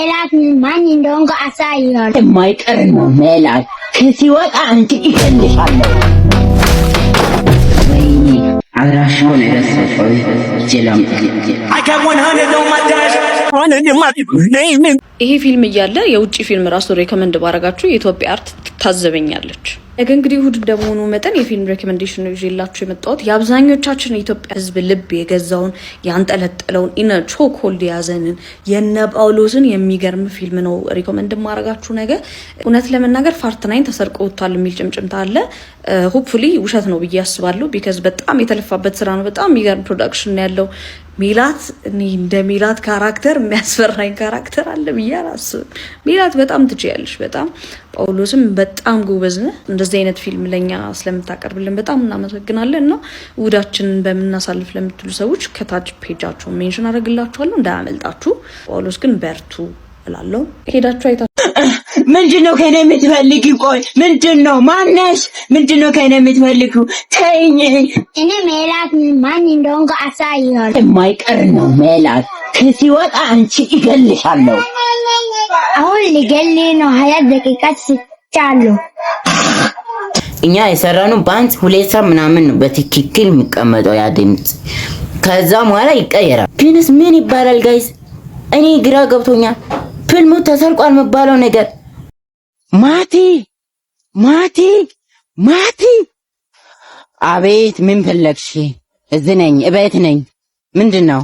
ሜላት ማን እንደሆንኩ የማይቀር ነው ሜላት ከሲወጣ አንቺ ይፈልሻለሁ። ወይኔ አድራሻውን ጀላም ይሄ ፊልም እያለ የውጭ ፊልም ራሱ ሬኮመንድ ባረጋችሁ የኢትዮጵያ አርት ታዘበኛለች። ነገ እንግዲህ እሁድ እንደመሆኑ መጠን የፊልም ሬኮመንዴሽን ነው ይዤላችሁ የመጣሁት። የአብዛኞቻችን የኢትዮጵያ ሕዝብ ልብ የገዛውን ያንጠለጠለውን ኢነ ቾክሆልድ የያዘንን የነ ጳውሎስን የሚገርም ፊልም ነው ሪኮመንድ ማድረጋችሁ። ነገ እውነት ለመናገር ፋርትናይን ተሰርቆ ወጥቷል የሚል ጭምጭምታ አለ። ሆፕፉሊ ውሸት ነው ብዬ አስባለሁ። ቢካዝ በጣም የተለፋበት ስራ ነው። በጣም የሚገርም ፕሮዳክሽን ያለው ሚላት እኔ እንደ ሚላት ካራክተር የሚያስፈራኝ ካራክተር አለ ብዬ አላስብም። ሚላት በጣም ትችያለሽ፣ በጣም ጳውሎስም በጣም ጎበዝ ነህ። እንደዚህ አይነት ፊልም ለእኛ ስለምታቀርብልን በጣም እናመሰግናለን እና እሑዳችንን በምናሳልፍ ለምትሉ ሰዎች ከታች ፔጃቸውን ሜንሽን አደርግላችኋለሁ፣ እንዳያመልጣችሁ። ጳውሎስ ግን በርቱ እላለሁ። ሄዳችሁ አይታችሁ ምንድን ነው ከኔ የምትፈልጊ? ቆይ ምንድን ነው ማነሽ? ምንድን ነው ከኔ የምትፈልጊ? ተይኝ። እኔ ሜላት ማን እንደሆንኩ አሳይዋል። የማይቀር ነው ሜላት፣ ከሲወጣ አንቺ ይገልሻለሁ። አሁን ሊገል ነው። ሀያ ደቂቃ ስቻለሁ። እኛ የሰራነው በአንድ ሁሌታ ምናምን ነው በትክክል የሚቀመጠው ያ ድምፅ። ከዛ በኋላ ይቀየራል። ግንስ ምን ይባላል ጋይዝ? እኔ ግራ ገብቶኛል። ፊልሙ ተሰርቋል የሚባለው ነገር ማቲ ማቲ ማቲ! አቤት፣ ምን ፈለግሽ? እዚህ ነኝ፣ እቤት ነኝ። ምንድን ነው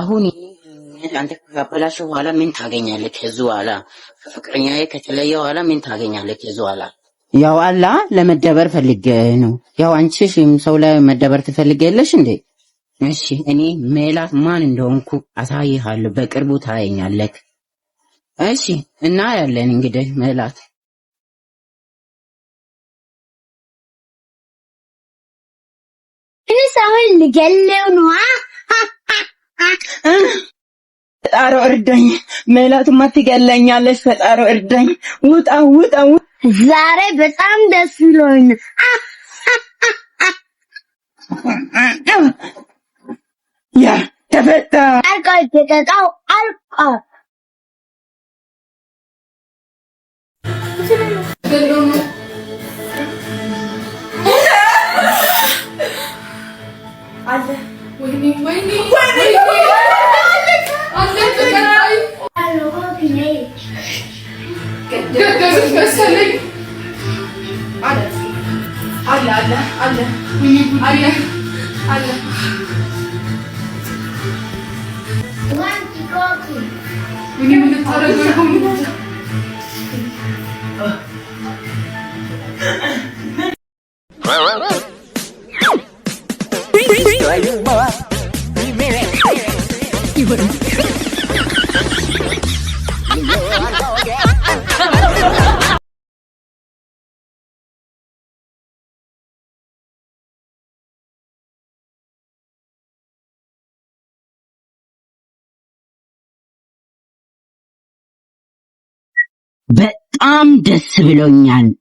አሁን? አንተ ከካበላሽ በኋላ ምን ታገኛለህ? ከዚህ በኋላ ከፍቅረኛዬ ከተለየ በኋላ ምን ታገኛለህ? ከዚህ በኋላ ያው አላ ለመደበር ፈልጌ ነው። ያው አንቺሽም ሰው ላይ መደበር ትፈልጊያለሽ እንዴ? እሺ፣ እኔ ሜላት ማን እንደሆንኩ አሳይሃለሁ። በቅርቡ ታየኛለህ። እሺ እና ያለን እንግዲህ ሜላት እኔ አሁን ልገለው ነው። ፈጣሮ እርዳኝ፣ ሜላቱማ ትገለኛለች። ፈጣሮ እርዳኝ፣ ውጣ ውጣ። ዛሬ በጣም ደስ ይሎኝ ያ ተፈታ አልቆ ተቀጣው አልቆ قال له علق ويني ويني ويني But I'm the civilian.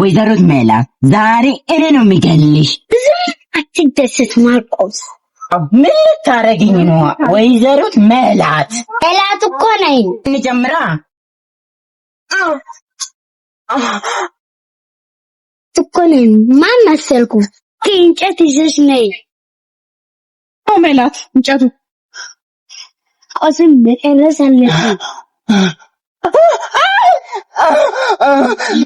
ወይዘሮት ሜላ ዛሬ እኔ ነው የሚገልሽ። ብዙም አትደስት ማርቆስ። ምን ልታረግኝ ነው? ወይዘሮት ሜላት ሜላት እኮ ነኝ። እንጀምራ እኮ ነኝ። ማን መሰልኩ? እንጨት ይዘሽ ነይ። ኦ ሜላት፣ እንጨቱ ቆስም መጨረስ አለብን።